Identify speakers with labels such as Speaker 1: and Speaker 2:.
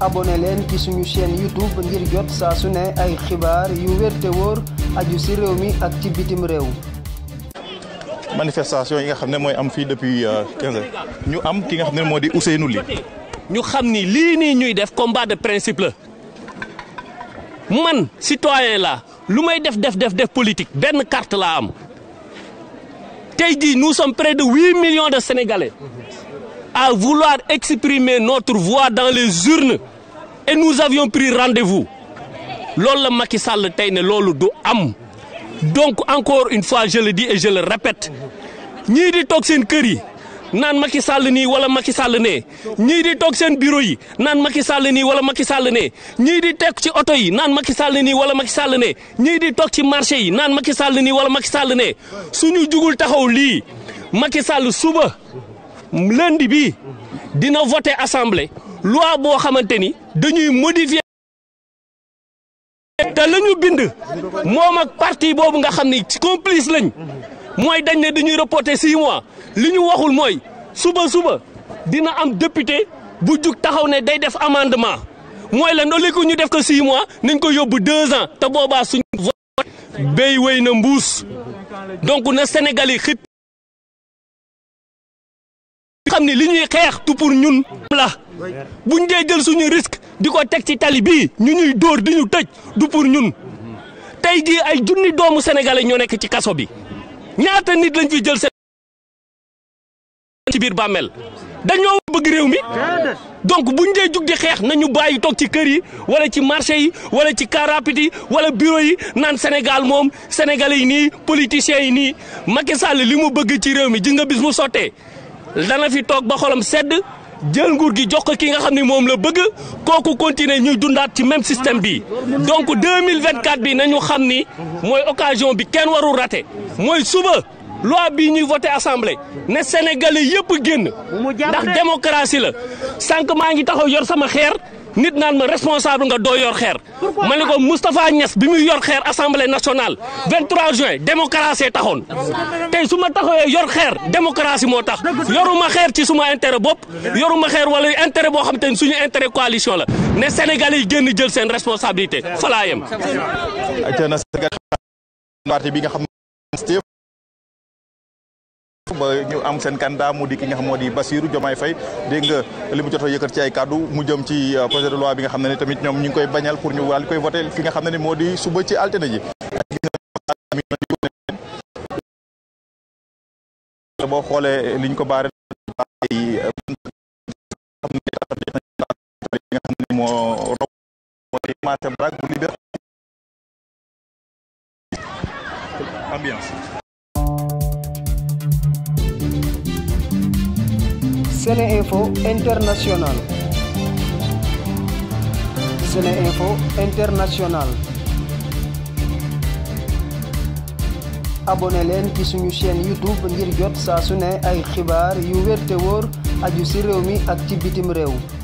Speaker 1: abonné leen ci suñu chaîne YouTube ngir jot saa su ne ay xibaar yu wér te wóor aju ci réew mi ak ci bitim réew. manifestation yi nga xam ne mooy am fii depuis 15 euh, ñu am ki nga xam ne moo di Ousseynou Ly. ñu xam ni lii nii ñuy def combat de principe la man citoyen la lu may def def def def politique benn carte laa am tey jii nous sommes près de huit millions de sénégalais. à vouloir exprimer notre voix dans les urnes et nous avions pris rendez-vous loolu la Macky Sall tey ne loolu du am donc encore une fois je le dis et je le répète ñii di seen kër yi naan Macky Sall nii wala Macky Sall nee ñii di toog seen bureau yi naan Macky Sall nii wala Macky Sall nee ñii teg ci oto yi naan Macky Sall nii wala Macky Sall nee ñii toog ci marché yi naan Macky Sall nii wala Macky Sall suñu jugul taxaw lii Macky Sall suba lundi bii dina voté assemblée loi boo xamante ni dañuy modifier. te la ñu bind moom ak parti boobu nga xam ni ci complice lañ mooy dañ ne dañuy reporter six mois li ñu waxul mooy suba suba dina am député bu jug taxaw ne day def amendement mooy lan ëllëgu ñu def ko six mois nañ ko yóbbu deux ans te boobaa suñ vote béy wéy na mbuus donc na sénégali yi xam ne li ñuy xeex tu ñun la buñ dee jël suñu risque di ko teg ci tali bii ñu ñuy dóor di ñu pour ñun tey jii ay junni doomu sénégalais ñoo nekk ci kaso bi ñaata nit lañ jël seen ci biir bàmmeel dañoo bëgg réew mi donc buñ dee jug di xeex nañu bàyyi toog ci kër yi wala ci marché yi wala ci car rapide yi wala bureau yi naan Sénégal moom sénégalais yi nii politiciens yi nii Macky Sall li mu bëgg ci réew mi ji nga bis mu sottee dana fi toog ba xolam sedd jël nguur gi jox ko ki nga xam ni moom la bëgg kooku continuer ñuy dundaat ci même système bi donc 2024 bi nañu xam ni mooy occasion bi kenn warul rate mooy suba. loi bii ñuy voté assemblée ne sénégalais yëpp génn ndax démocratie la sànq maa ngi taxaw yor sama xeer nit naan ma responsable nga doo yor xeer ma ne ko Moustapha Niass bi muy yor xeer assemblée nationale 23 juin démocratie taxoon tey su ma tax yor xeer démocratie moo tax yoruma xeer ci suma intérêt bopp yoruma xeer wala intérêt boo xam te ne suñu intérêt coalition la ne sénégalais génn jël seen responsabilité falaa yem bi nga xam ba ñu am seen candidat mu di ki nga xam moo di Bassirou Diomaye Faye dégg nga li mu jot a yëkkat ci ay kaddu mu jëm ci euh, projet de loi bi nga xam ne tamit ñoom ñu ngi koy bañal pour ñu waal koy voté fi nga xam ne moo di suba ci altine ji boo xoolee liñ ko baare ambiance Sene Info International Sene Info leen ci suñu chaîne YouTube ngir jot saa su ne ay xibaar yu werte te wóor aju ci réew mi ak ci bitim réew